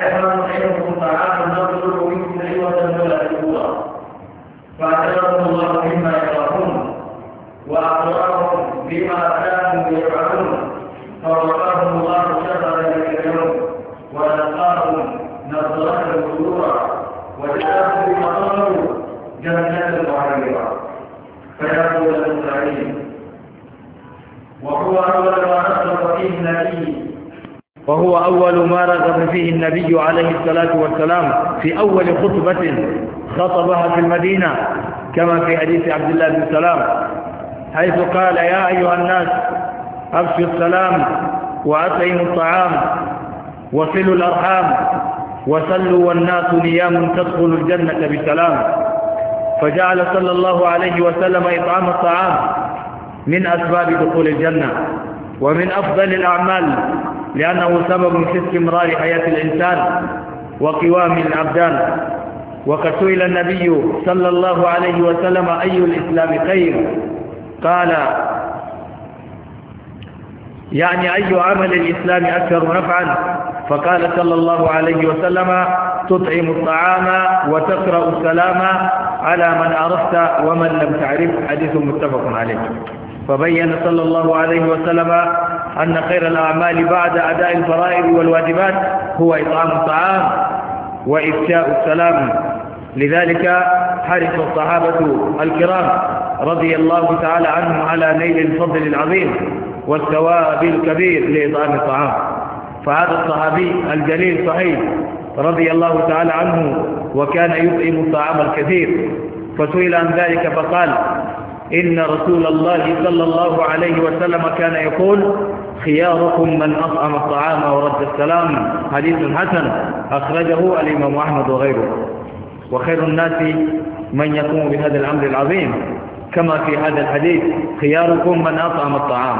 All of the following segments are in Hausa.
كما نحيركم تعالى نرجو منكم عوضا ولا شكورا فاعتبرهم الله مما يكرهون واقررهم بما كانوا يفعلون فوقاهم الله شر ذلك اليوم ولقاهم نظره سرورا وجاءهم بما طلبوا جنات وحريرا فيقول لهم سعيد وهو اول ما نصر فيه نبيه وهو أول ما رغب فيه النبي عليه الصلاة والسلام في أول خطبة خطبها في المدينة كما في حديث عبد الله بن سلام حيث قال يا أيها الناس أبشوا السلام وأطعموا الطعام وصلوا الأرحام وصلوا والناس نيام تدخل الجنة بسلام فجعل صلى الله عليه وسلم إطعام الطعام من أسباب دخول الجنة ومن أفضل الأعمال لأنه سبب في استمرار حياة الإنسان وقوام الأبدان وقد سئل النبي صلى الله عليه وسلم أي الإسلام خير قال يعني أي عمل الإسلام أكثر نفعا فقال صلى الله عليه وسلم تطعم الطعام وتقرأ السلام على من عرفت ومن لم تعرف حديث متفق عليه فبين صلى الله عليه وسلم أن خير الأعمال بعد أداء الفرائض والواجبات هو إطعام الطعام وإفشاء السلام لذلك حرص الصحابة الكرام رضي الله تعالى عنهم على نيل الفضل العظيم والثواب الكبير لإطعام الطعام فهذا الصحابي الجليل صحيح رضي الله تعالى عنه وكان يطعم الطعام الكثير فسئل عن ذلك فقال إن رسول الله صلى الله عليه وسلم كان يقول خياركم من أطعم الطعام ورد السلام حديث حسن أخرجه الإمام أحمد وغيره وخير الناس من يقوم بهذا الأمر العظيم كما في هذا الحديث خياركم من أطعم الطعام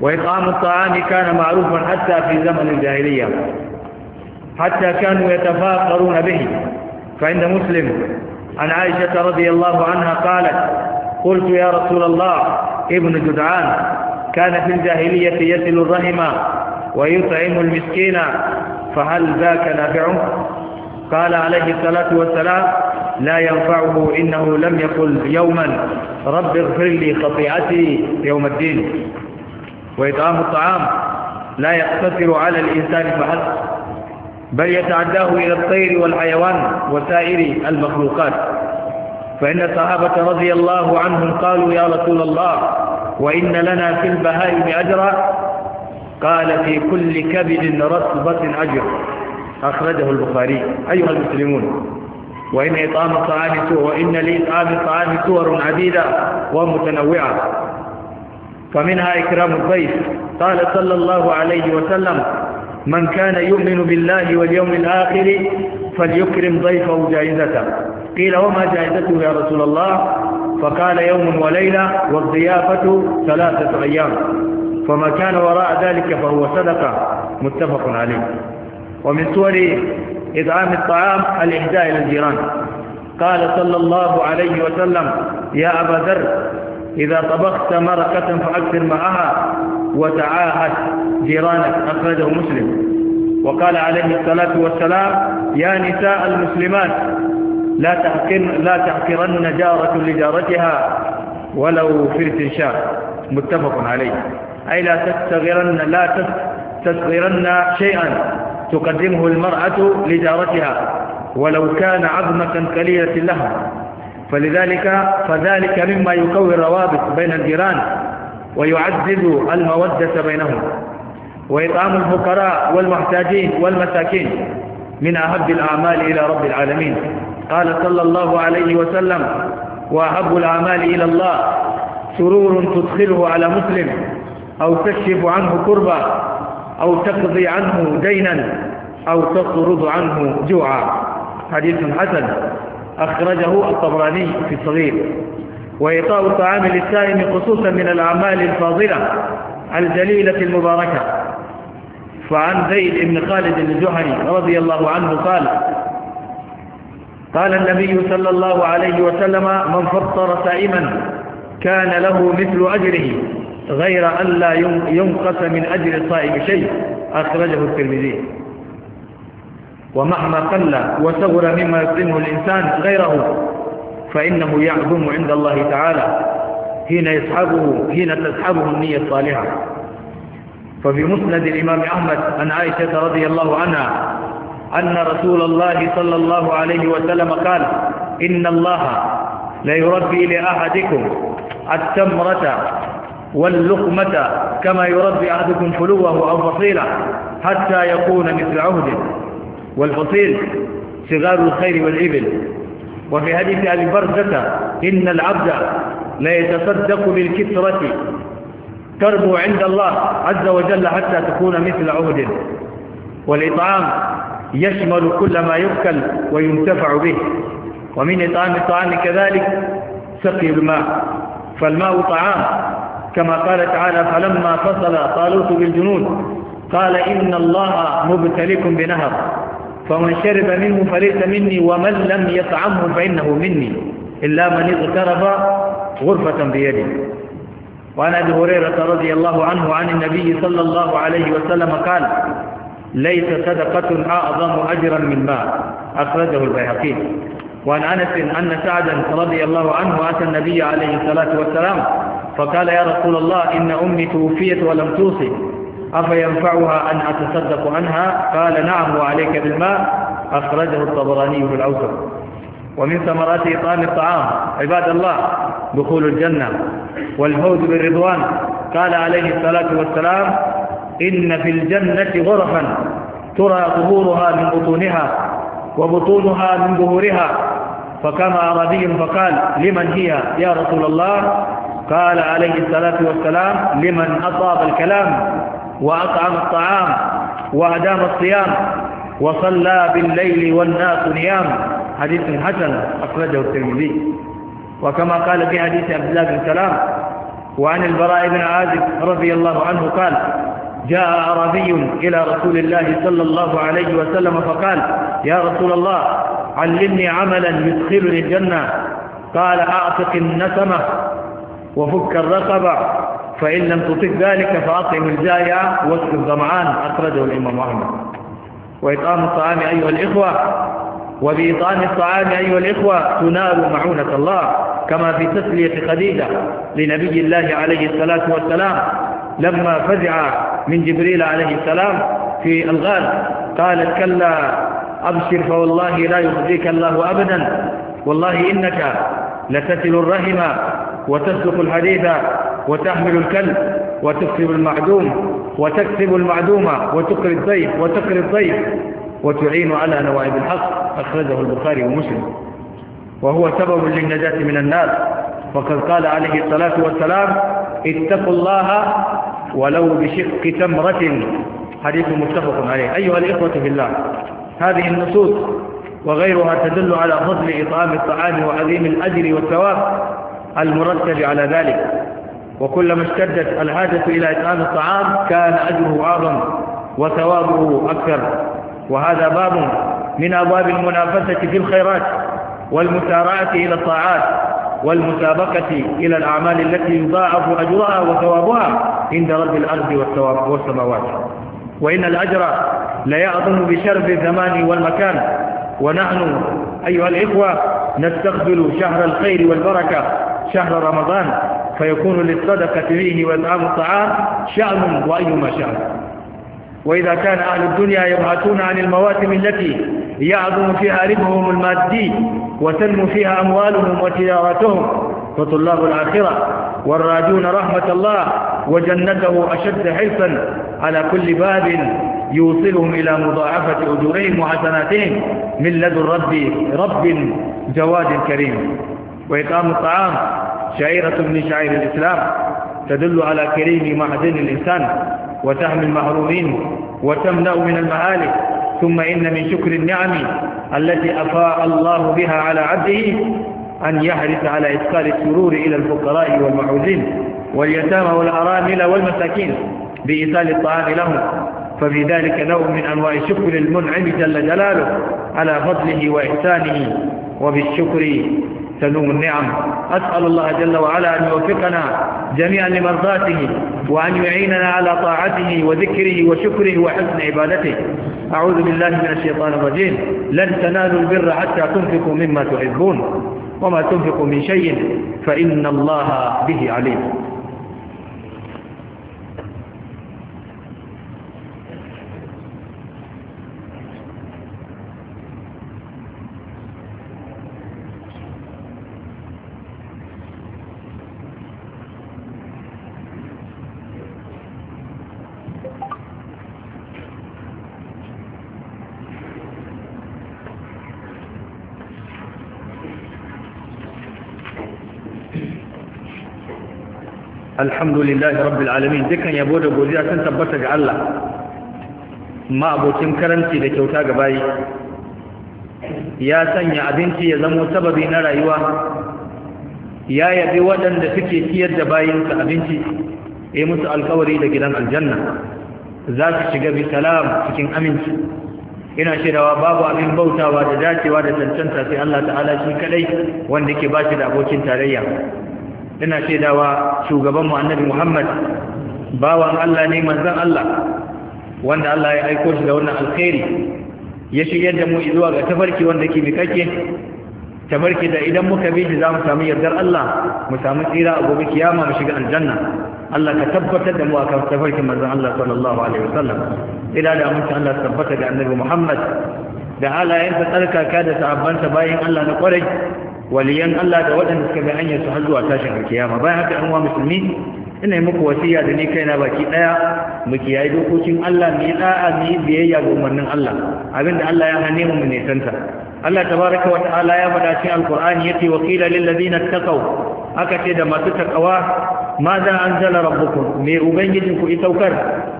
وإطعام الطعام كان معروفا حتى في زمن الجاهلية حتى كانوا يتفاخرون به فعند مسلم عن عائشة رضي الله عنها قالت قلت يا رسول الله ابن جدعان كان في الجاهلية يسل الرحم ويطعم المسكين فهل ذاك نافعه قال عليه الصلاة والسلام لا ينفعه إنه لم يقل يوما رب اغفر لي خطيئتي يوم الدين وإطعام الطعام لا يقتصر على الإنسان فحسب بل يتعداه إلى الطير والحيوان وسائر المخلوقات فإن الصحابة رضي الله عنهم قالوا يا رسول الله وإن لنا في البهائم أجرا قال في كل كبد رطبة أجر أخرجه البخاري أيها المسلمون وإن إطعام الطعام سور وإن لإطعام الطعام سور عديدة ومتنوعة فمنها إكرام الضيف قال صلى الله عليه وسلم من كان يؤمن بالله واليوم الآخر فليكرم ضيفه جائزته قيل وما جائزته يا رسول الله فقال يوم وليلة والضيافة ثلاثة أيام فما كان وراء ذلك فهو صدقة متفق عليه ومن صور إطعام الطعام الإهداء إلى الجيران قال صلى الله عليه وسلم يا أبا ذر إذا طبخت مرقة فأكثر معها وتعاهد جيرانك أخرجه مسلم وقال عليه الصلاة والسلام يا نساء المسلمات لا تحقرن لا تحقرن جارة لجارتها ولو في استنشاق متفق عليه أي لا تستغرن لا تستغرن شيئا تقدمه المرأة لجارتها ولو كان عظمة قليلة لها فلذلك فذلك مما يكوي الروابط بين الجيران ويعزز المودة بينهم وإطعام الفقراء والمحتاجين والمساكين من أحب الأعمال إلى رب العالمين قال صلى الله عليه وسلم وأحب الأعمال إلى الله سرور تدخله على مسلم أو تكشف عنه كربة أو تقضي عنه دينا أو تطرد عنه جوعا حديث حسن أخرجه الطبراني في الصغير وإيطاء الطعام للسائم خصوصا من الأعمال الفاضلة الجليلة المباركة فعن زيد بن خالد الجحني رضي الله عنه قال قال النبي صلى الله عليه وسلم من فطر سائما كان له مثل أجره غير أن لا ينقص من أجر الصائم شيء أخرجه الترمذي ومهما قل وثور مما يقدمه الإنسان غيره فإنه يعظم عند الله تعالى حين يسحبه حين تسحبه النية الصالحة ففي مسند الإمام أحمد عن عائشة رضي الله عنها أن رسول الله صلى الله عليه وسلم قال إن الله لا يربي لأحدكم التمرة واللقمة كما يربي أحدكم فلوه أو فصيلة حتى يكون مثل عهد والحصير صغار الخير والإبل وفي حديث أبي بردة إن العبد لا يتصدق بالكثرة تربو عند الله عز وجل حتى تكون مثل عهد والإطعام يشمل كل ما يؤكل وينتفع به ومن إطعام الطعام كذلك سقي الماء فالماء طعام كما قال تعالى فلما فصل طالوت بالجنود قال إن الله مبتليكم بنهر فمن شرب منه فليس مني ومن لم يطعمه فإنه مني إلا من اغترب غرفة بيده وعن أبي هريرة رضي الله عنه عن النبي صلى الله عليه وسلم قال ليس صدقة أعظم أجرا من ماء أخرجه البيهقي وعن أنس أن سعدا رضي الله عنه أتى النبي عليه الصلاة والسلام فقال يا رسول الله إن أمي توفيت ولم توصي أفينفعها أن أتصدق عنها قال نعم وعليك بالماء أخرجه الطبراني في الأوسط ومن ثمرات إطعام الطعام عباد الله دخول الجنة والفوز بالرضوان قال عليه الصلاة والسلام إن في الجنة غرفا ترى ظهورها من بطونها وبطونها من ظهورها فكما أعرابي فقال لمن هي يا رسول الله قال عليه الصلاة والسلام لمن أصاب الكلام وأطعم الطعام وأدام الصيام وصلى بالليل والناس نيام حديث حسن أخرجه الترمذي وكما قال في حديث عبد الله بن سلام وعن البراء بن عازب رضي الله عنه قال جاء أعرابي إلى رسول الله صلى الله عليه وسلم فقال يا رسول الله علمني عملا يدخلني الجنة قال أعتق النسمة وفك الرقبة فإن لم تطف ذلك فأطعم الجاية وسط الظمعان أخرجه الإمام أحمد وإطعام الطعام أيها الإخوة وبإطعام الطعام أيها الإخوة تنال معونة الله كما في تسلية خديجة لنبي الله عليه الصلاة والسلام لما فزع من جبريل عليه السلام في الغال قالت كلا أبشر فوالله لا يخزيك الله أبدا والله إنك لتسل الرحم وتسلق الحديث وتحمل الكلب وتكسب المعدوم وتكسب المعدومة وتقري الضيف وتقري الضيف وتعين على نوائب الحق أخرجه البخاري ومسلم وهو سبب للنجاة من الناس وقد قال عليه الصلاة والسلام اتقوا الله ولو بشق تمرة حديث متفق عليه أيها الإخوة في الله هذه النصوص وغيرها تدل على فضل إطعام الطعام وعظيم الأجر والثواب المرتب على ذلك وكلما اشتدت الحاجة إلى إطعام الطعام كان أجره أعظم وثوابه أكثر وهذا باب من أبواب المنافسة في الخيرات والمسارعة إلى الطاعات والمسابقة إلى الأعمال التي يضاعف أجرها وثوابها عند رب الأرض والسماوات وإن الأجر ليعظم بشرف الزمان والمكان ونحن أيها الإخوة نستقبل شهر الخير والبركة شهر رمضان فيكون للصدقة فيه وإطعام الطعام شأن وأيما شأن وإذا كان أهل الدنيا يبحثون عن المواسم التي يعظم فيها ربهم المادي وتنمو فيها أموالهم وتجارتهم فطلاب الآخرة والراجون رحمة الله وجنته أشد حرصا على كل باب يوصلهم إلى مضاعفة أجورهم وحسناتهم من لدن رب رب جواد كريم وإقام الطعام شعيرة من شعير الإسلام تدل على كريم معدن الإنسان وتهم المحرومين وتمنع من المعالي ثم إن من شكر النعم التي أفاء الله بها على عبده أن يحرص على إسقال السرور إلى الفقراء والمعوزين واليتامى والأرامل والمساكين بإيصال الطعام لهم ففي ذلك نوع من أنواع شكر المنعم جل جلاله على فضله وإحسانه وبالشكر تنوم النعم أسأل الله جل وعلا أن يوفقنا جميعا لمرضاته وأن يعيننا على طاعته وذكره وشكره وحسن عبادته أعوذ بالله من الشيطان الرجيم لن تنالوا البر حتى تنفقوا مما تحبون وما تنفقوا من شيء فإن الله به عليم alhamdulillahi rabbil alamin dukkan yabo da godiya sun tabbata ga Allah ma abokin karanci da kyauta ga bayi ya sanya abinci ya zamo sababi na rayuwa ya yabi waɗanda suke ciyar da bayinsa abinci ya musu alkawari da gidan aljanna za su shiga bi salam cikin aminci ina shirawa babu abin bautawa da dacewa da cancanta sai Allah ta'ala shi kadai wanda ke ba shi da abokin tarayya ina shaidawa shugaban mu annabi Muhammad bawan Allah ne manzon Allah wanda Allah ya aiko shi da wannan alkhairi ya shiryar da mu zuwa ga tafarki wanda ke tafarki da idan muka bi shi zamu samu yardar Allah mu samu tsira a gobe kiyama mu shiga aljanna Allah ka tabbatar da mu akan tafarkin manzon Allah sallallahu alaihi wasallam ila da amince Allah tabbata ga annabi Muhammad da halayensa tsarkaka da sahabbansa bayan Allah na kwarai waliyan Allah da waɗanda suka bi hanyar su har zuwa tashin alkiyama bayan haka an wa musulmi ina muku wasiya da ni kaina baki daya mu kiyaye dokokin Allah mu yi da'a mu yi biyayya ga umarnin Allah abinda Allah ya hane mu ne santa Allah tabaraka wa ta'ala ya faɗa cikin alqur'ani yace wa qila lil ladina taqaw aka ce da masu takawa ماذا أنزل ربكم مي أبنجدكم إتوكر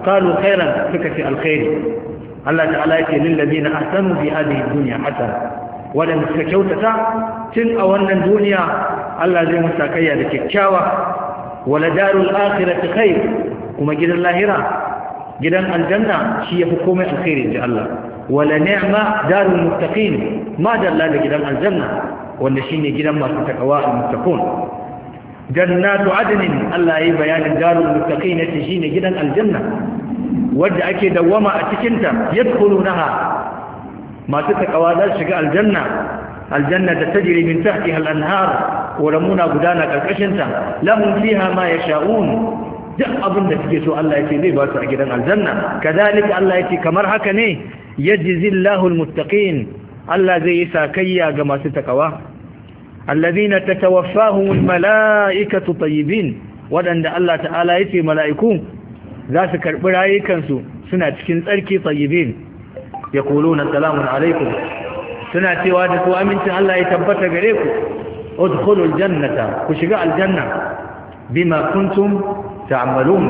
قالوا خيرا فكت الخير الله yake يقول للذين أحسنوا في هذه الدنيا حسنة waɗanda suka kyautata tun a wannan duniya Allah zai musu kayya da kyakkyawa wala darul akhirati khair kuma gidan lahira gidan aljanna shi yafi komai alkhairi inji Allah wala ni'ma darul muttaqin ma dalla da gidan aljanna wanda shine gidan masu takawa almuttaqun jannatu adnin Allah yayi bayanin darul muttaqin shine gidan aljanna wanda ake dawwama a cikin ta yadkhulunaha masu takawa za su shiga aljanna aljanna da tajri min tahtiha al-anhar koramuna gudana karkashin ta lahum fiha ma yasha'un duk abin da suke so Allah yake zai ba su a gidan aljanna kadalika Allah yake kamar haka ne yajzillahu al-muttaqin Allah zai yi sakayya ga masu takawa alladhina tatawaffahum al-mala'ikatu tayyibin wadanda Allah ta'ala yake mala'iku za su karbi rayukansu suna cikin tsarki tayyibin yaquluna salamun alaikum suna cewa da ku amincin Allah ya tabbata gare ku udkhulul jannata ku shiga aljanna bima kuntum ta'malun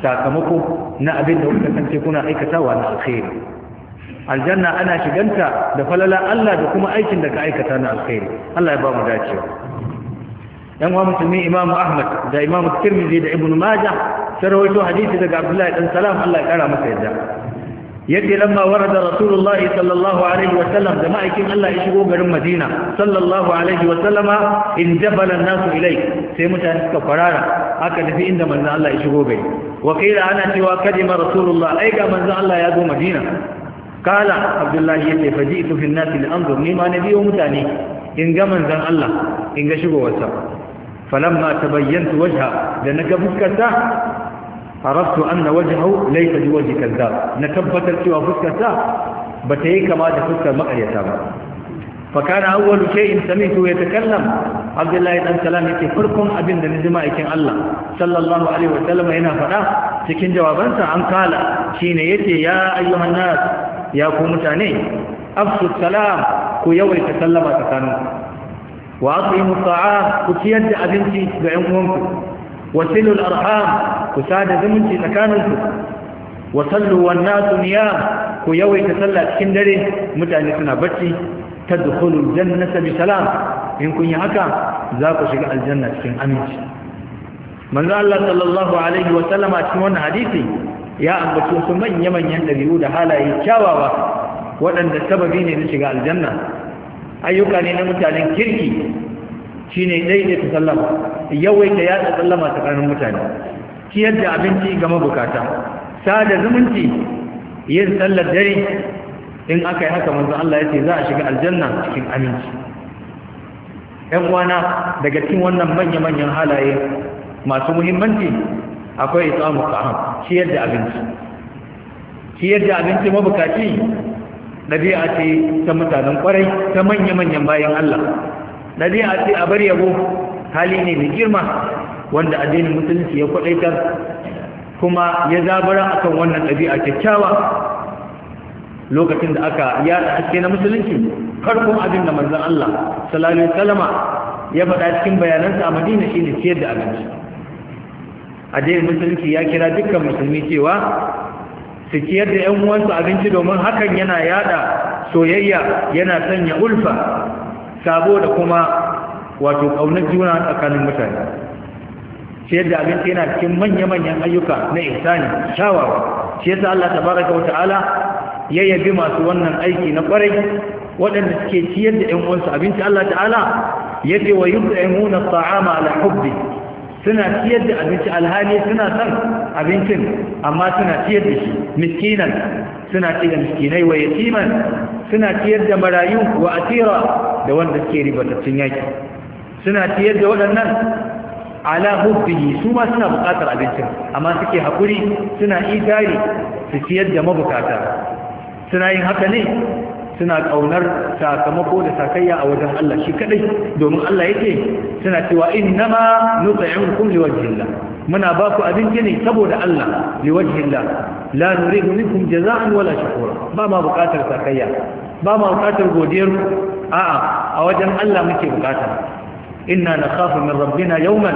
sakamako na abin da kuka kance kuna aikatawa na alkhairi aljanna ana shiganta da falala Allah da kuma aikin da ka aikata na alkhairi Allah ya ba mu dacewa yan wa musulmi imamu ahmad da imamu tirmidhi da ibnu majah sarwaito hadisi daga abdullahi dan salam Allah ya kara masa yadda yace lamma warada rasulullahi sallallahu alaihi wa sallam da ma'aikin Allah ya shigo garin Madina sallallahu alaihi wa sallama in jabala nasu ilai sai mutane suka farara aka tafi inda manzon Allah ya shigo gari wa ana cewa kadima rasulullah ai ga manzon Allah ya zo Madina kala abdullahi yace faji'tu fi nasi li anzur ni ma nabi wa mutane in ga manzon Allah in ga shigowarsa falamma tabayyantu wajha da naga fuskarsa arabtu anna wajhahu Hau bi wajhi kazzab na tabbatar cewa fuskar sa bata yi kama da fuskar makaryata ba fa kana awwalu shay'in sami'tu yatakallam Abdullahi dan salam yake farkon abin da nijima aikin Allah sallallahu alaihi wasallam yana faɗa cikin jawabansa an kala shine yace ya ayyuhan nas ya ku mutane afsu salam ku yawaita sallama tsakaninku wa aqimu sa'a ku ciyar da abinci ga 'yan uwanku wasilul arham ku sada zumunci tsakaninku wa sallu nasu ku yawaita sallah cikin dare mutane suna bacci tadkhulul jannata bi in kun yi haka za ku shiga aljanna cikin aminci manzo Allah sallallahu alaihi wa sallama cikin wannan hadisi ya ambaci wasu manya-manyan dabi'u da halaye kyawawa waɗanda sababi ne na shiga aljanna ayyuka ne na mutanen kirki Shi ɗai dai ta sallama yawaita ya sallama tsakanin mutane ciyar da abinci ga mabukata sada zumunci yin sallar dare in aka yi haka manzo Allah ya ce za a shiga aljanna cikin aminci Yan uwana daga cikin wannan manya-manyan halaye masu muhimmanci akwai itsamu ta'am ciyar da abinci ciyar da abinci mabukaci ɗabi'a ce ta mutanen kwarai ta manya-manyan bayan Allah a ce a bar yabo hali ne mai girma wanda addinin musulunci ya kwaɗaitar kuma ya zabara akan wannan ɗabi'a kyakkyawa lokacin da aka yada haske na musulunci farkon abin da manzon Allah sallallahu alaihi wasallama ya faɗa cikin bayanansa a Madina shine ciyar da abinci addinin musulunci ya kira dukkan musulmi cewa su ciyar da 'yan uwansu abinci domin hakan yana yada soyayya yana sanya ulfa sabo da kuma wato ƙaunar juna tsakanin mutane shi yadda abinci yana cikin manya-manyan ayyuka na ihsani shawara. shi yasa Allah tabaraka wa ta'ala ya yabi masu wannan aiki na kwarai waɗanda suke ciyar da ƴan uwansu abinci Allah ta'ala yace wa yud'imuna ala hubbi suna ciyar da abinci alhali suna son abincin amma suna ciyar da shi miskinan suna ciyar da miskinai wa yatiman suna ciyar da marayu wa asira da wanda suke ribatattun yaki suna ciyar da waɗannan ala hubbihi su ma suna buƙatar abincin amma suke hakuri suna idari su ciyar da mabukata suna yin haka ne suna kaunar sakamako da sakayya a wajen Allah shi kadai domin Allah yake suna cewa innama nut'imukum liwajhillah muna ba ku abinci ne saboda Allah liwajhillah la nuridu minkum jaza'an wala shukura ba ma buƙatar sakayya ba ma buƙatar godiyar a'a a wajen Allah muke bukata inna na khafu min rabbina yawman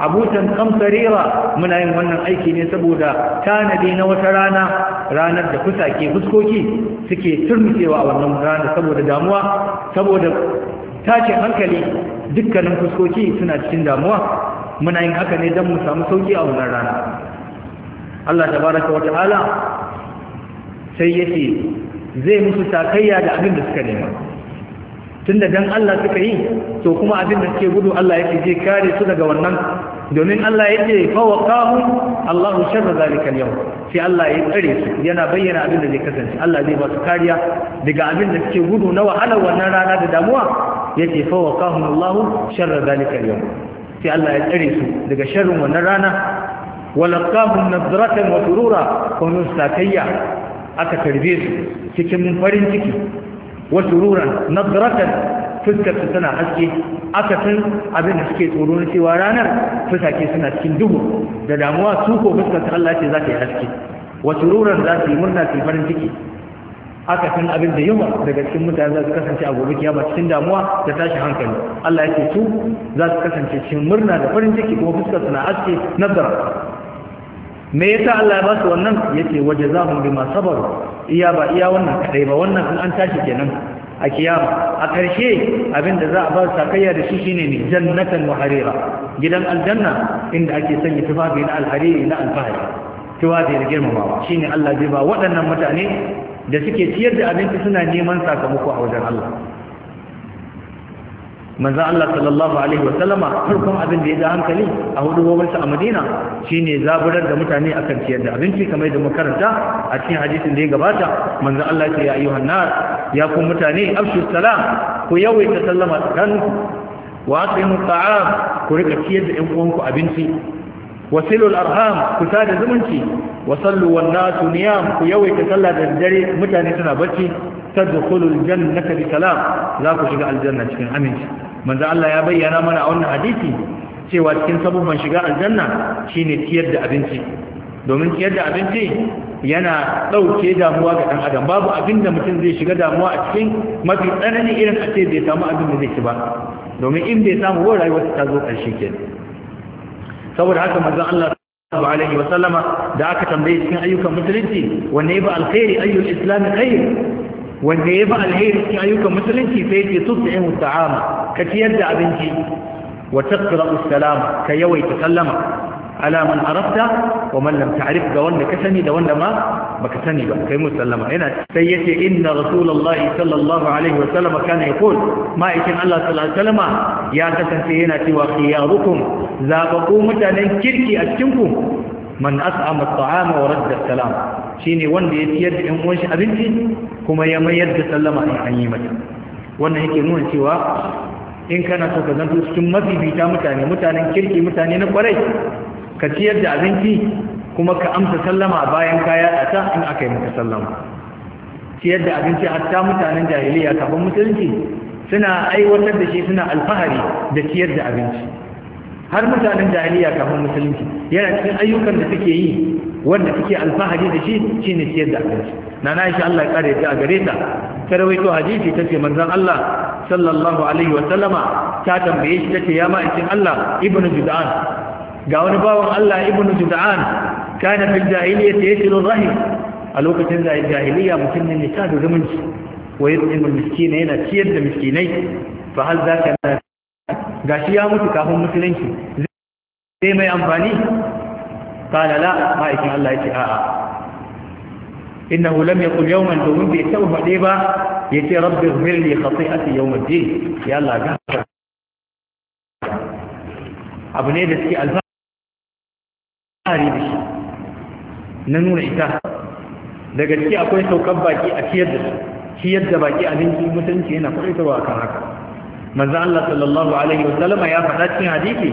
abutan kamtarira muna yin wannan aiki ne saboda tanadi na wata rana ranar da kusake fuskoki suke turmukewa a wannan rana saboda damuwa saboda tashin hankali dukkanin fuskoki suna cikin damuwa muna yin haka ne don mu sami sauki a wannan rana Allah ta tabaraka wata ala sai yake zai musu takayya da abin da suka nema Tun da dan Allah suka yi to kuma abin da suke gudu Allah yake je kare su daga wannan domin Allah yake fa waqahu Allahu sharra zalika al-yawm sai Allah ya tsare su yana bayyana abin da zai kasance Allah zai ba su kariya daga abin da suke gudu na wahalar wannan rana da damuwa yake fa waqahu Allahu sharra zalika al-yawm sai Allah ya tsare su daga sharrin wannan rana walaqahum nadratan wa surura kuma sakayya aka tarbe su cikin farin ciki وسرورا نظرة fuskar su tana haske akasin abin da suke tsoro na cewa ranar fusake suna cikin duhu da damuwa su ko fuskar ta Allah ce za ta yi haske wasu ruran za su yi murna su farin ciki akasin abin da yawa daga cikin mutane za su kasance a gobe kiyama cikin damuwa da tashi hankali Allah ya ce su za su kasance cikin murna da farin ciki kuma fuskar suna haske nazara me yasa Allah ya ba su wannan mu bi ma sabaru iya ba iya wannan kadai ba wannan in an tashi kenan a kiyama a karshe abinda za a ba su sakayya da shi shine ne jannatan wa harira gidan aljanna inda ake sanya tufafi na alhariri na alfahari tufafi da girmamawa shine Allah zai ba waɗannan mutane da suke ciyar da abinci suna neman sakamako a wajen Allah manzo Allah sallallahu alaihi wasallama farkon abin da ya da hankali a hudu gobarsa a Madina shine zaburar da mutane akan ciyar da abinci kamar da makaranta a cikin hadisin da ya gabata manzo Allah ya ayyuhan nas ya ku mutane afshu salam ku yawaita sallama tsakanin wa aqimu ta'am ku rika ciyar da ƴan uwanku abinci wasilul arham ku sada zumunci wa sallu wan nasu niyam ku yawaita sallah da dare mutane suna bacci tadkhulul jannata bi salam za ku shiga aljanna cikin aminci manzo Allah ya bayyana mana a wannan hadisi cewa cikin sabubban shiga aljanna shine tiyar da abinci domin tiyar da abinci yana ɗauke damuwa ga ɗan adam babu abinda mutum zai shiga damuwa a cikin mafi tsanani irin a ce bai samu abin da zai ci ba domin in bai samu wa rayuwar ta zo ƙarshe ke saboda haka manzon Allah sallallahu alaihi wa da aka tambaye cikin ayyukan musulunci wanne ba alkhairi ayyul islam khair wanda ya fi alheri cikin ayyukan musulunci sai ce tut'imu ta'ama ka ciyar da abinci wa taqra'u salam ka yawaita sallama ala man arafta wa man lam ta'rif ga wanda ka sani da wanda ma baka sani ba kai mu sallama yana sai yace inna rasulullahi sallallahu alaihi wa sallam kana yaqul ma ikin Allah sallallahu alaihi wa sallama ya kasance yana cewa khiyarukum zabaqu mutanen kirki a cikin ku man as'ama at'ama wa radda salam shine wanda ya ciyar da yan uwan abinci kuma ya mayar da sallama a an yi mata wannan yake nuna cewa in kana so ka zanto cikin mafifita mutane mutanen kirki mutane na kwarai ka ciyar da abinci kuma ka amsa sallama bayan kaya a ta in aka yi maka sallama ciyar da abinci hatta mutanen jahiliya kafin musulunci suna aiwatar da shi suna alfahari da ciyar da abinci har mutanen jahiliya kafin musulunci yana cikin ayyukan da suke yi wanda suke alfahari da shi ne siyar da abinci na na shi Allah ya kare ta a gare ta ta rawaito hadisi ta ce manzon Allah sallallahu alaihi wa sallama ta tambaye shi tace ya ma'aikin Allah ibnu jud'an ga wani bawan Allah ibnu jud'an kana fil jahiliyyati yasilu rahim a lokacin da jahiliya mutum ne ta da zumunci wa yut'imu miskina yana ciyar da miskinai fa hal zaka gashi ya mutu kafin musulunci zai mai amfani kala la ma'aikin Allah ya ce a'a innahu lam yaqul man domin bai taba faɗe ba ya ce rabbi ighfir li yau, yawmiddin ya laga abu ne da suke alfahari da shi na nuna ita daga ciki akwai saukan baki a ciyar da su ciyar da baki a abinci mutunci yana kwaɗaitarwa kan haka manzo Allah sallallahu alaihi wasallam ya faɗa cikin hadisi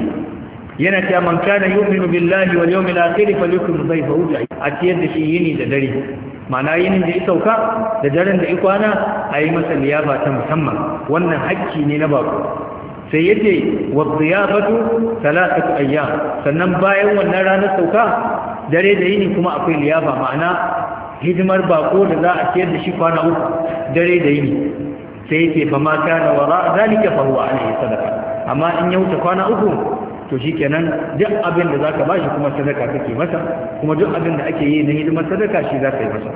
yana cewa man kana yu'minu billahi wal yawmil akhir falyukum dhayfahu a ciyar da shi yini da dare ma'ana yinin da ya sauka da daren da ya kwana a yi masa liyafa ta musamman wannan hakki ne na bako sai ya ce wadda talatatu ayyam sannan bayan wannan ranar sauka dare da yini kuma akwai liyafa ma'ana hidimar bako da za a ciyar da shi kwana uku dare da yini sai yake fa ma kana wara zalika fa huwa alaihi sadaka amma in ya wuce kwana uku to shikenan duk abin da zaka bashi kuma sadaka kake masa kuma duk abin da ake yi na hidimar sadaka shi zaka yi masa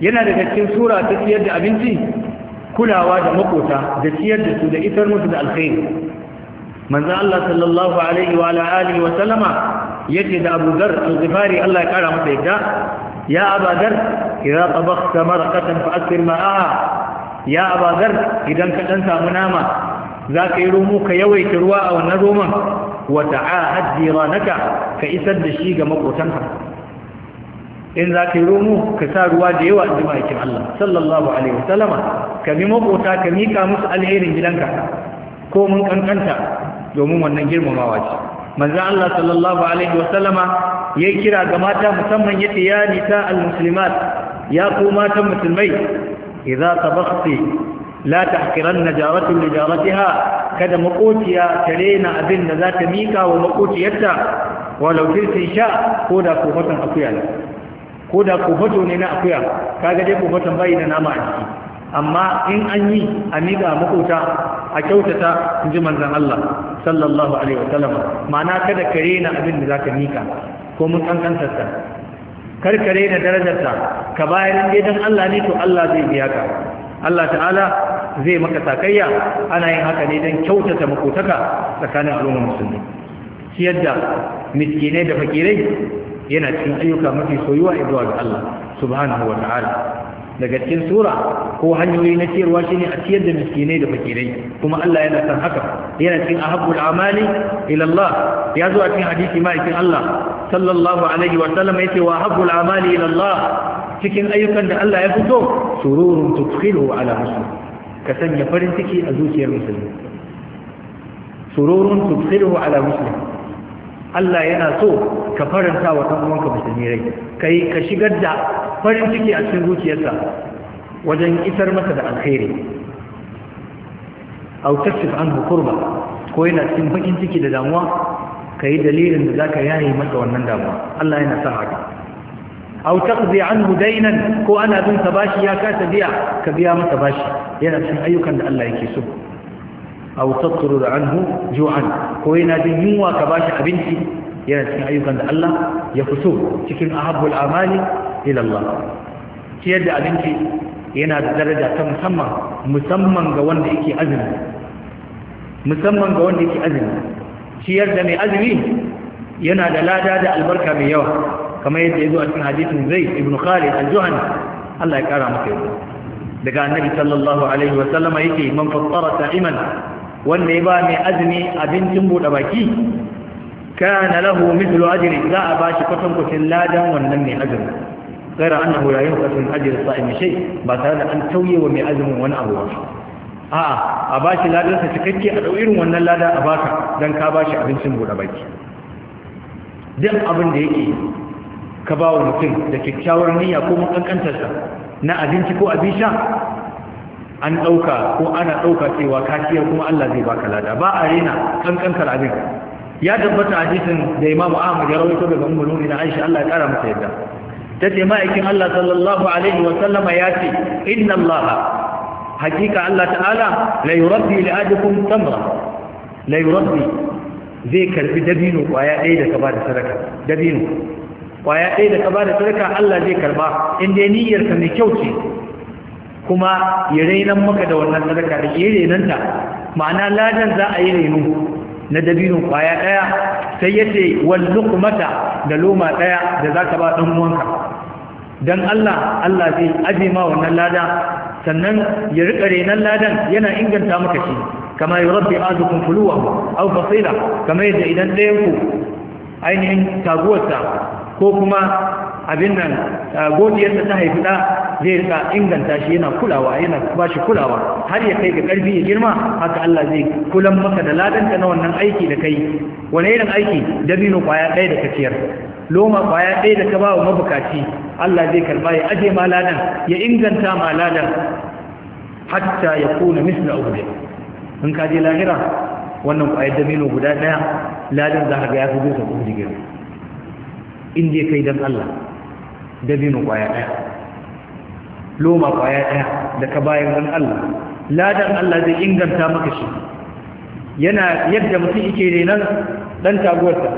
yana daga cikin sura ta ciyar da abinci kulawa da makota da ciyar da su da isar musu da alkhairi manzo Allah sallallahu alaihi wa alihi wa sallama yace da Abu Dharr al-Ghifari Allah ya kara masa yadda ya Abu Dharr idza tabakhta marqatan ya abagar idan ka ɗan samu nama za ka yi romo ka yawaita ruwa a wannan roman wata ahad jiranaka ka isar da shi ga makotanka in za ka yi romo ka sa ruwa da yawa a jimakin Allah sallallahu alaihi wasallama ka bi makota ka miƙa musu alherin gidanka ko mun kankanta domin wannan girmamawa ce manzo Allah sallallahu alaihi wasallama ya kira ga mata musamman yace ya nisa almuslimat ya ku matan musulmai idza tabakhti la tahqiranna jaratun li jaratiha kada makociya ta rena abin da za ta mika wa makociyarta walau tilsin sha ko da kofatan akuya ne ko da kofato ne na akuya kaga dai kofatan bai da nama a jiki amma in an yi a miƙa makota a kyautata in ji manzan Allah sallallahu ma'ana kada ka rena abin da za ka mika ko mun karkare da darajarta ka bayar inda dan Allah ne to Allah zai biya ka Allah ta'ala zai maka takayya ana yin haka ne don kyautata makotaka tsakanin al'ummar musulmi shi yadda miskinai da fakirai yana cikin ayyuka mafi soyuwa zuwa ga Allah subhanahu wa ta'ala daga cikin sura ko hanyoyi na ciyarwa ne a ciyar da miskinai da fakirai kuma Allah yana san haka yana cikin ahabbul amali ila Allah ya zo a cikin hadisi ma cikin Allah sallallahu alaihi wa sallam yace wa ahabbul amali ila Allah cikin ayyukan da Allah ya fito sururun tudkhilu ala muslim ka sanya farin ciki a zuciyar musulmi sururun tudkhilu ala muslim Allah yana so ka faranta wa ɗan uwanka musulmi rai kai ka shigar da farin ciki a cikin zuciyarsa wajen isar masa da alkhairi au tasif an kurba ko yana cikin bakin ciki da damuwa ka yi dalilin da za ka yaye masa wannan damuwa Allah yana sa haka au taqdi anhu daynan ko ana bin sa bashi ya kasa biya ka biya masa bashi yana cikin ayyukan da Allah yake so au tatrud anhu ju'an ko yana jin yunwa ka bashi abinci yana cikin ayyukan da Allah ya fi so cikin ahabbul amali ila ciyar da abinci yana da daraja ta musamman musamman ga wanda yake azumi musamman ga wanda yake azumi ciyar da mai azumi yana da lada da albarka mai yawa kamar yadda ya zo a cikin hadisin zai ibn khalid al-juhani Allah ya kara maka yau daga annabi sallallahu alaihi wa sallama yake man fassara sa'iman wanda ya ba mai azumi abincin bude baki kana lahu mithlu ajri za a bashi kwatankwacin ladan wannan mai azumi غير أنه لا ينقص من أجر الصائم شيء بطالة أن توي ومي أزم وأن أبوه آه أباشي لا دلسة تكتكي أدوئر وأن لا دا أباكا دان كاباشي أبن سنبو لبيك دم أبن ديكي كباو مكين دا كتشاور نية كو مقن أنتسا نا أبنتي كو أبيشا an ɗauka ko ana ɗauka cewa kaciya kuma Allah zai baka lada ba a rena kankantar abin ya tabbata hadisin da Imam Ahmad ya rawaito daga Ummu Mu'minin Aisha Allah ya kara masa yadda ta ma'aikin Allah sallallahu alaihi wa sallama ya ce inna Allah hakika Allah ta'ala la yurabbi li ajikum tamra la yurabbi zai karbi dabino kwaya ɗaya da ka ba sadaka dabino kwaya ɗaya da ka ba sadaka Allah zai karba in dai niyyar ka mai kyau ce kuma ya rainan maka da wannan sadaka da ya rainan ma'ana ladan za a yi rainu na dabinin kwaya ɗaya sai ya ce walluk da loma ɗaya da za ka ba ɗan uwanka don Allah Allah zai aje ma wannan lada sannan ya rika renon ladan yana inganta maka shi kama yi rabbi kuluwa au fasila kama yadda idan dayanku ainihin taguwarsa ko kuma abin nan godiyarsa ta haifi ɗa zai ka inganta shi yana kulawa yana ba shi kulawa har ya kai ga ƙarfi ya girma haka Allah zai kulan maka da ladanta na wannan aiki da kai wani irin aiki dabino kwaya ɗaya da kaciyar loma kwaya ɗaya da ka ba wa mabukaci Allah zai karba ya aje ma ladan ya inganta ma ladan hatta ya kuna misla uhudu in ka je lahira wannan kwayar dabino guda ɗaya ladan za ka ga ya fi dusa uhudu girma in je kai don Allah dabino kwaya ɗaya loma kwaya ɗaya da ka bayan wani Allah ladan Allah zai inganta maka shi yana yadda mutum yake renar ɗan taguwarsa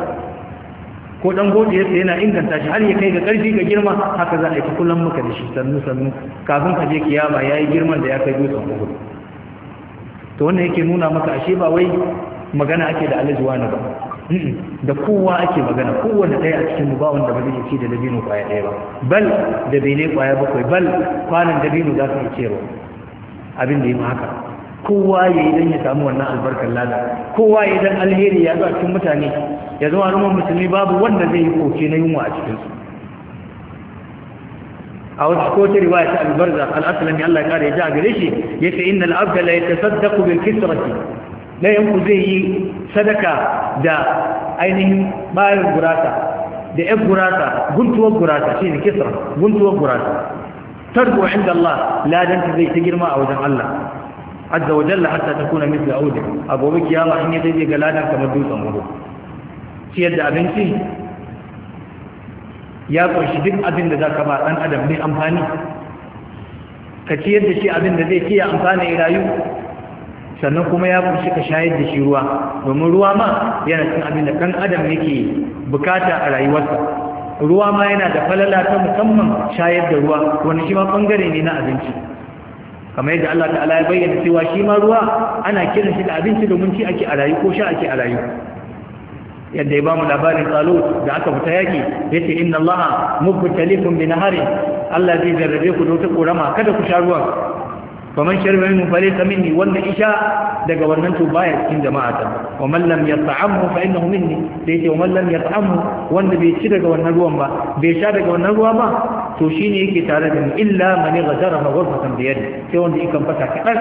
ko ɗan godiyarsa yana inganta shi har ya kai ga ƙarfi ga girma haka za a yi kullum maka da shi sannu sannu kafin ka je kiyama ya yi girman da ya kai dutsen uhud to wannan yake nuna maka ashe ba wai magana ake da alajuwa na ba da kowa ake magana kowanne ɗaya a cikin ba wanda ba zai ci da dabino kwaya ɗaya ba bal da bene kwaya bakwai bal kwanan dabino za su ce cewa abin da ya haka kowa ya yi don ya samu wannan albarkar lada kowa ya dan alheri ya zo a cikin mutane ya zama al'ummar musulmi babu wanda zai yi koke na yunwa a cikinsu a wasu kowace riwaya ta albarza al'asalami Allah ya kare ya ji a gare shi ya ce innal abda la yatasaddaqu bil kisrati ɗayan ku zai yi sadaka da ainihin bayan gurasa da ‘yan gurasa guntuwar gurasa shi ne kisra guntuwar gurasa tarko inda Allah ladanta zai ta girma a wajen Allah azza wa jalla hatta ta kuna misli audin a gobe kiyama in ya zai ga ladan kamar dutsen wuro ciyar da abinci ya ƙunshi duk abin da za ka ba ɗan adam ne amfani ka ciyar da shi abin da zai ciye amfani rayu sannan kuma ya kunshi ka shayar da shi ruwa domin ruwa ma yana cin abin da kan adam yake bukata a rayuwarsa ruwa ma yana da falala ta musamman shayar da ruwa wani shi ma bangare ne na abinci kamar yadda Allah ta'ala ya bayyana cewa shi ma ruwa ana kiran shi da abinci domin ci ake a rayu ko sha ake a rayu yadda ya bamu labarin tsalo da aka fita yaki ya ce inna allaha mubtalifun bi naharin Allah zai jarrabe ku da wata korama kada ku sha ruwan faman mu minhu falaysa minni wanda isha daga wannan to cikin jama'a ta wa man lam yat'amhu fa innahu minni sai ce wa man lam yat'amhu wanda bai ci daga wannan ruwan ba bai sha daga wannan ruwa ba to shine yake tare da ni illa man ghadara ghurfatan bi yadi sai wanda ikan fata kadan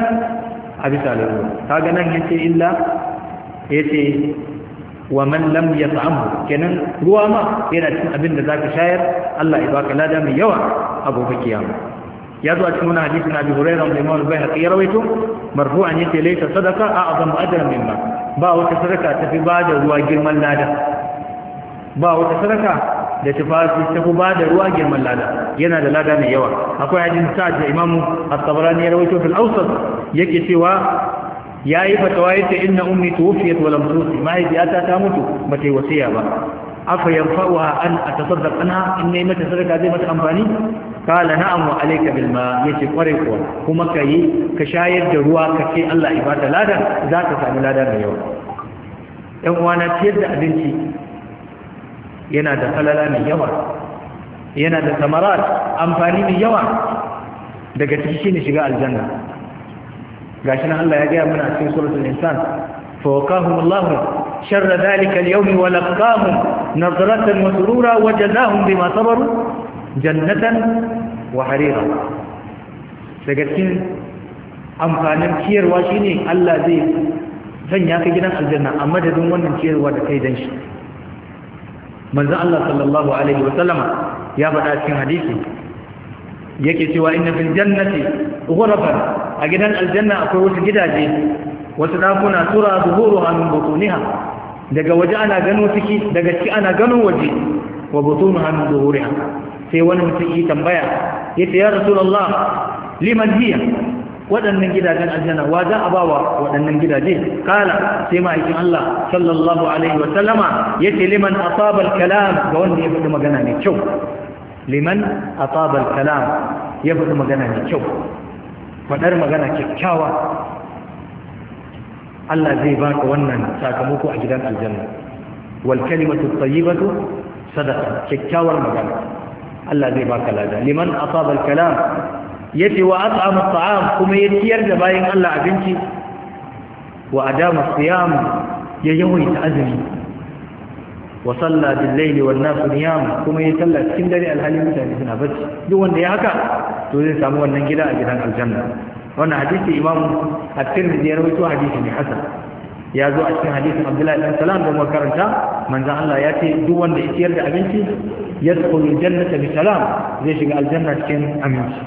a bisa lura kaga nan yace illa yace wa man lam yat'amhu kenan ruwa ma yana cikin abin da zaka shayar Allah ya baka lada mai yawa a gobe kiyama ya zo a cikin wani hadisi na Abi Hurairah da Imam bai baihaqi ya rawaito marfu'an yake laita sadaka a azam ajran mimma ba wata sadaka ta fi ba da ruwa girman lada ba wata sadaka da tufafi ta fi ba da ruwa girman lada yana da lada mai yawa akwai hadin sa da Imam At-Tabarani ya rawaito fil Awsat yake cewa yayi fatawa yace inna ummi tuwfiyat wa lam tusi mahaifiyata ta mutu bata yi wasiya ba afa yanfa'uha an atasaddaq anha in nayi mata sadaka zai mata amfani kala na'am wa alayka bil ma yace kware kuwa kuma kai ka shayar da ruwa ka ce Allah ibada lada za ka sami lada mai yawa ɗan uwana ciyar da abinci yana da falala mai yawa yana da samarat amfani mai yawa daga ciki shine shiga aljanna gashi nan Allah ya ga mana cikin suratul insan fawqahum Allahu شر ذلك اليوم ولقاهم نظرة وسرورا وجزاهم بما صبروا جنة وحريرا فقالتين amfanin ciyarwa shine Allah zai sanya ka gidan aljanna a madadin wannan ciyarwa da kai dan shi manzo Allah sallallahu alaihi ya faɗa cikin hadisi yake cewa inna fil jannati ghurafan a gidan aljanna akwai wasu gidaje wasu dakuna tura zuhuruha min butuniha daga waje ana gano ciki daga ciki ana gano waje wa butunuha min zuhuriha sai wani mutum yi tambaya yace ya rasulullah liman hiya waɗannan gidajen aljanna wa za a bawa waɗannan gidaje kala sai ma'aikin Allah sallallahu alaihi wa sallama yace liman asaba al-kalam ga wanda ya faɗi magana mai kyau liman atabal kalam ya faɗi magana mai kyau faɗar magana kyakkyawa Allah zai baka wannan sakamako a gidan aljanna wal kalimatu tayyibatu sadaqa kyakkyawar magana Allah zai baka lada liman atabal kalam yace wa at'ama at'am kuma ya da bayin Allah abinci wa adama siyam ya yawaita azumi wa salla bil layli wan kuma ya salla cikin dare alhali mutane suna bacci duk wanda ya haka to zai samu wannan gida a gidan aljanna wannan hadisi imam at-tirmidhi ya rawaito hadisi ne hasan ya zo a cikin hadisin Abdullahi dan Salam da makaranta manzon Allah ya ce duk wanda ya ciyar da abinci ya yadkhulul jannata bi salam zai shiga aljanna cikin aminci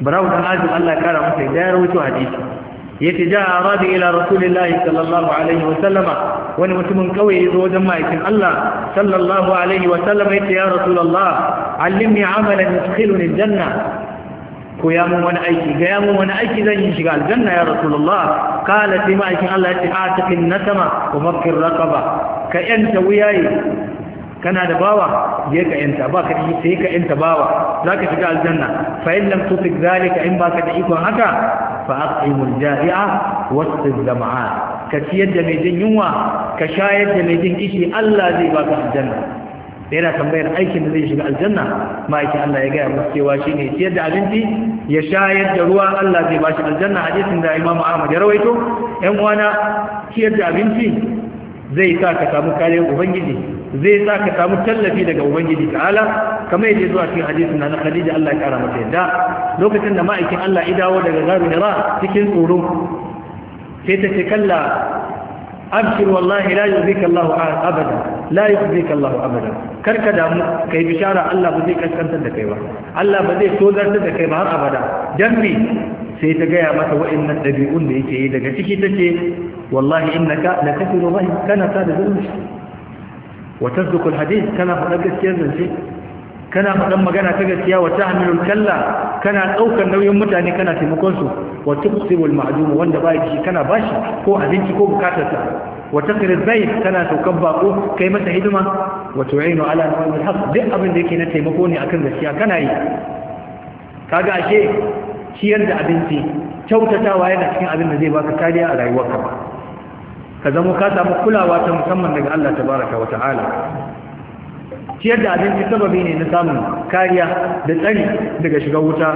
barau dan azim Allah ya kara masa da ya rawaito hadisi yace ja'a rabi ila rasulillahi sallallahu alaihi wa sallama wani mutumin kawai ya zo wajen ma'aikin Allah sallallahu alaihi wa sallam ya ce ya rasulullah allimni amalan yudkhiluni aljanna ko ya mun wani aiki ga ya mun wani aiki zan yi shiga aljanna ya rasulullah kala sai ma'aikin Allah ya ce atafin nasama wa makkir raqaba ka yanta wuyaye kana da bawa je ka yanta ba ka yi sai ka yanta bawa zaka shiga aljanna fa in lam tutik zalika in baka da ikon haka fa aqimul jari'a wastil zam'a ka ciyar da mai jin yunwa ka shayar da mai jin kishi Allah zai baka aljanna yana tambayar aikin da zai shiga aljanna ma'aikin Allah ya gaya musu cewa shine ciyar da abinci ya shayar da ruwa Allah zai bashi aljanna hadisin da Imam Ahmad ya rawaito ƴan uwana ciyar da abinci zai sa ka samu kariyar ubangiji zai sa ka samu tallafi daga ubangiji ta'ala kamar yadda zuwa cikin hadisin na Khadija Allah ya kara mata yadda lokacin da ma'aikin Allah ya dawo daga garu Hira cikin tsoro sai ta ce kalla abshir wallahi la yuzika Allahu abada la yuzika Allahu abada karka damu kai bishara Allah ba zai kaskantar da kai ba Allah ba zai tozartar da kai ba har abada dan sai ta gaya mata wa'annan dabi'un da yake yi daga ciki tace wallahi innaka la kafiru rahim kana ta da zulmi wa tasduqu al hadith kana faɗa gaskiyar zance kana faɗan magana ta gaskiya wa ta'amilul kalla kana ɗaukar nauyin mutane kana taimakon su wa tuqsibul ma'dum wanda bai shi kana bashi ko abinci ko bukatarsa wa taqrir bayt kana saukan bako kai masa hidima wa tu'inu ala nawil haqq duk abin da yake na taimako ne akan gaskiya kana yi kaga ashe ciyar da abinci kyautatawa yana cikin abin da zai baka kariya a rayuwarka ka zama ka samu kulawa ta musamman daga Allah tabaraka wa ta'ala ciyar da abinci sababi ne na samun kariya da tsari daga shiga wuta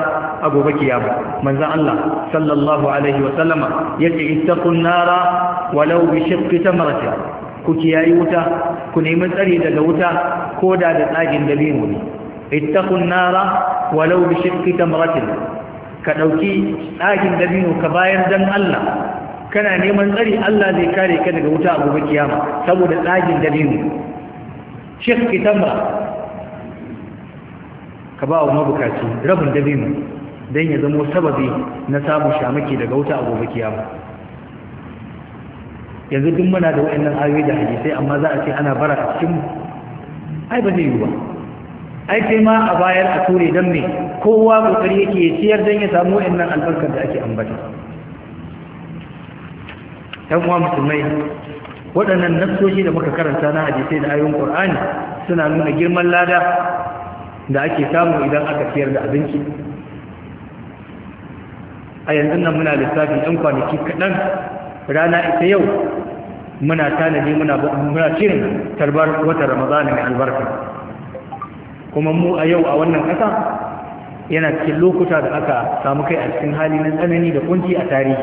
a gobe kiyama manzon Allah sallallahu alaihi wa sallama yace ittaqun nara walau bi shiqqi tamratin ku kiyayi wuta ku nemi tsari daga wuta ko da da tsagin dabino ne ittaqun nara walau bi shiqqi tamratin ka dauki tsagin dabino ka bayan dan Allah kana neman tsari Allah zai kare ka daga wuta a gobe kiyama saboda tsagin dabino shek kitamba ka ba wa mabukaci rabin dabino don ya zamo sababi na samun shamaki daga wuta a gobe kiyama yanzu duk muna da wa'annan ayoyi da hadisai amma za a ce ana bara a cikin ai ba zai yi ba ai sai ma a bayar a ture don me kowa kokari yake ya ciyar don ya samu wa'annan albarkar da ake ambata yan uwa musulmai waɗannan nasoshi da muka karanta na hadisai da ayoyin Qur'ani suna nuna girman lada da ake samu idan aka fiyar da abinci a yanzu nan muna lissafin ɗan kwanaki kaɗan rana ita yau muna tanadi muna muna shirin tarbar watan Ramadan mai albarka kuma mu a yau a wannan ƙasa yana cikin lokuta da aka samu kai a cikin hali na tsanani da kunci a tarihi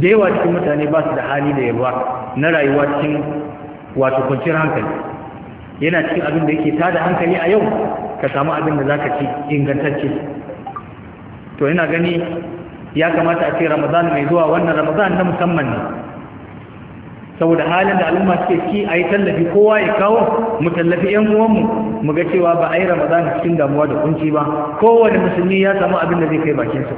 da yawa cikin mutane ba su da hali da Yabuwa. na rayuwa cikin wato kwanciyar hankali yana cikin abin da yake tada hankali a yau ka samu abin da zaka ci ingantacce to ina gani ya kamata a ce ramadan mai zuwa wannan ramadan na musamman ne saboda halin da al'umma suke ciki a yi tallafi kowa ya kawo mu tallafi yan uwanmu mu ga cewa ba a yi ramadan cikin damuwa da kunci ba kowane musulmi ya samu abin da zai kai sa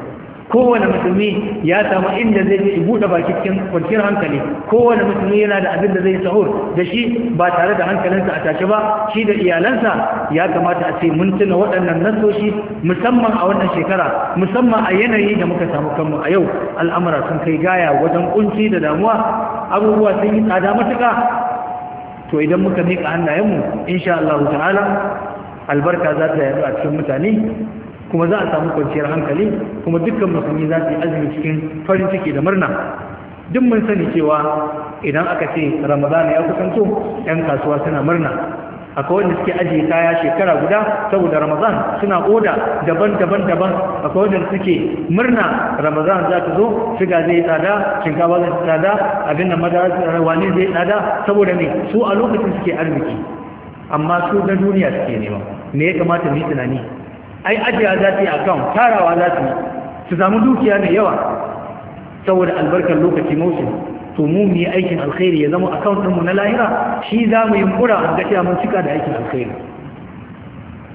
kowane mutumi ya samu inda zai ci buɗe baki cikin kwanciyar hankali kowane mutumi yana da abin da zai sahur da shi ba tare da hankalinsa a tashi ba shi da iyalansa ya kamata a ce mun tuna waɗannan nasoshi musamman a wannan shekara musamman a yanayi da muka samu kanmu a yau al'amura sun kai gaya wajen kunci da damuwa abubuwa sun yi tsada matuƙa to idan muka miƙa hannayenmu insha Allah ta'ala albarka za ta yaɗu a cikin mutane kuma za a samu kwanciyar hankali kuma dukkan musulmi za su yi azumi cikin farin ciki da murna duk mun sani cewa idan aka ce ramadan ya kusanto yan kasuwa suna murna akwai wanda suke ajiye kaya shekara guda saboda ramazan suna oda daban-daban daban akwai wanda suke murna ramazan za ta zo shiga zai tsada shinkafa zai tsada abin da wani zai tsada saboda ne su a lokacin suke arziki amma su da duniya suke nema me ya kamata mu yi tunani ai ajiya za su yi account tarawa za su yi su zamu dukiya mai yawa saboda albarkar lokaci motsin to mu mu yi aikin alkhairi ya zama account ɗinmu na lahira shi za mu yi mura a gashi mun cika da aikin alkhairi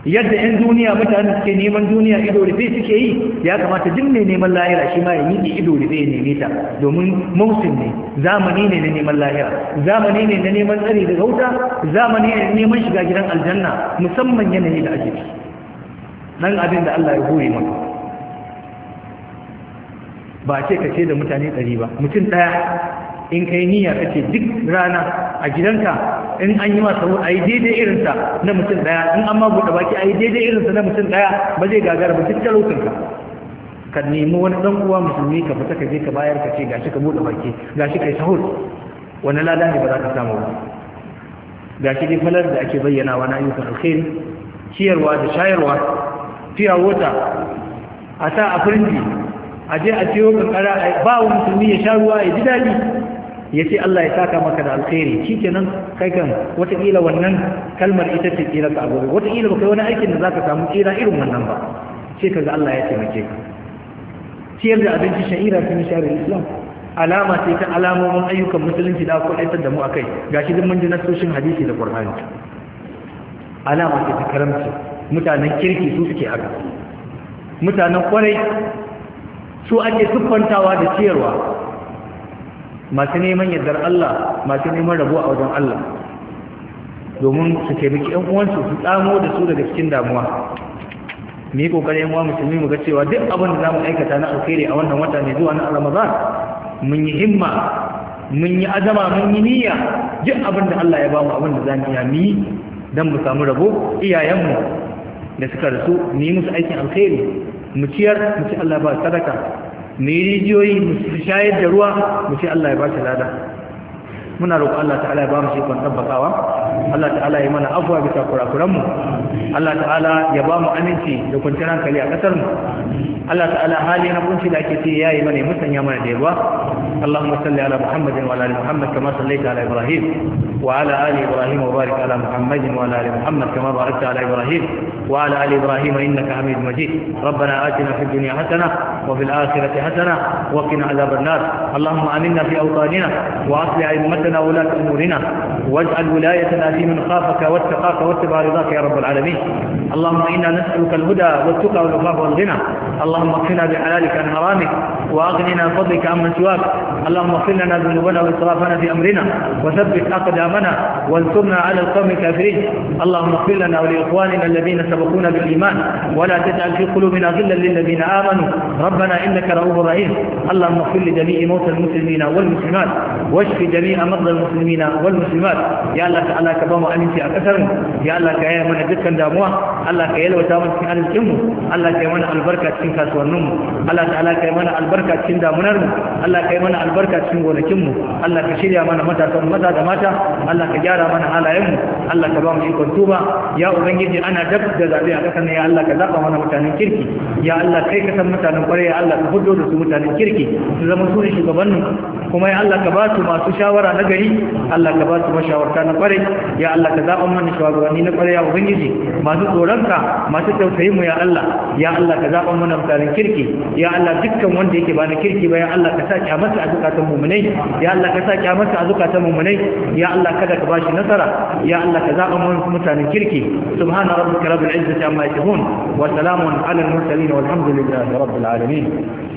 yadda 'yan duniya mutane suke neman duniya ido zai suke yi ya kamata duk mai neman lahira shi ma ya miƙe ido rufe ya neme ta domin motsin ne zamani ne na neman lahira zamani ne na neman tsari daga wuta zamani ne na neman shiga gidan aljanna musamman yanayi da ake ciki nan abin da Allah ya goyi maka ba ce ka ce da mutane ɗari ba mutum ɗaya in kai niyya ce duk rana a gidanka in an yi masa a yi daidai irinsa na mutum ɗaya in an maguɗa baki a yi daidai irinsa na mutum ɗaya ba zai gagara ba duk talautinka ka nemi wani ɗan uwa musulmi ka fita ka je ka bayar ka ce gashi ka buɗe baki gashi yi sahur wani lada ne ba za ka samu ba gashi dai falar da ake bayyana wani ayyukan alkhairi ciyarwa da shayarwa fiya wata a sa a firinji a je a ciwo kankara a ba wa musulmi ya sha ruwa ya ji daɗi ya ce Allah ya saka maka da alkhairi shi nan kai kan watakila wannan kalmar ita ce kira ka abu watakila ba kai wani aikin da za ka samu kira irin wannan ba sai ka ga Allah ya taimake ka ciyar da abinci sha'ira fi misharar islam alama ce ta alamomin ayyukan musulunci da aka aitar da mu akai gashi duk mun ji nasoshin hadisi da qur'ani alama ce ta karamci mutanen kirki su suke haka mutanen kwarai su ake siffantawa da ciyarwa masu neman yardar Allah masu neman rabo a wajen Allah domin su taimaki ɗan uwansu su tsamo da su daga cikin damuwa mu yi ƙoƙarin ‘yan uwa musulmi mu ga cewa duk abin da zamu aikata na alkhairi a wannan wata mai zuwa na ramadan mun yi himma mun yi azama mun yi niyya duk abin da Allah ya ba mu abin da za mu yi don mu samu rabo iyayen mu. da suka rasu ne musu aikin alkhairi muciyar ciyar mu ci Allah ba sadaka mu rijiyoyi mu shayar da ruwa mu ci Allah ya ba shi lada muna roƙon Allah ta'ala ya ba mu shekwan tabbatawa Allah ta'ala ya mana abuwa bisa kurakuranmu Allah ta'ala ya ba mu aminci da kwanciyar hankali a ƙasarmu Allah ta'ala hali na kunci da ake ce ya yi mana musanya mana da yawa Allahumma salli ala Muhammadin wa ala Muhammad kama sallaita ala Ibrahim wa ala ali Ibrahim wa barik ala Muhammadin wa ala Muhammad kama barakta ala Ibrahim wa ala ali Ibrahim innaka Hamid Majid ربنا آتنا في الدنيا حسنة وفي الآخرة حسنة وقنا عذاب النار اللهم آمنا في أوطاننا وأصلح أئمتنا أمورنا ولاة أمورنا واجعل ولايتنا في من خافك واتقاك واتبع رضاك يا رب العالمين اللهم إنا نسألك الهدى والتقى والعفاف والغنى اللهم اقفنا بحلالك عن حرامك وأغننا بفضلك عن من سواك اللهم اغفر لنا ذنوبنا وإسرافنا في أمرنا وثبت أقدامنا وانصرنا على القوم الكافرين اللهم اغفر لنا ولإخواننا الذين سبقونا بالإيمان ولا تجعل في قلوبنا غلا للذين آمنوا ربنا إنك رؤوف رحيم اللهم اغفر لجميع موتى المسلمين والمسلمات واشف جميع marar a wal musulmat ya Allah ka Allah ka ba mu aminci a kasar ya Allah ka yi mana dukkan damuwa Allah ka yalwata mana cikin arzikin mu Allah ka yi mana albarka cikin kasuwannin mu Allah ta Allah ka yi mana albarka cikin damunar mu Allah ka yi mana albarka cikin gonakin mu Allah ka shirya mana matasan maza da mata Allah ka gyara mana halayen mu Allah ka ba mu ikon tuba ya ubangiji ana dab da zabe a kasar ya Allah ka zaba mana mutanen kirki ya Allah kai ka san mutanen kwarai ya Allah ka fito da su mutanen kirki su zama su ne shugabannin kuma ya Allah ka ba su masu shawara na gari Allah ka ba su mashawarta na kwarai ya Allah ka zaɓa mana shugabanni na kwarai ya ubangiji masu tsoronka masu tausayin mu ya Allah ya Allah ka zaɓa mana mutanen kirki ya Allah dukkan wanda yake ba na kirki ba ya Allah ka sa kyamarsa a zukatan mumunai ya Allah ka sa kyamarsa a zukatan mumunai ya Allah kada ka bashi nasara ya Allah ka zaɓa mana mutanen kirki subhana rabbika rabbil izzati amma yasifun wa salamun ala al mursalin walhamdulillahi rabbil alamin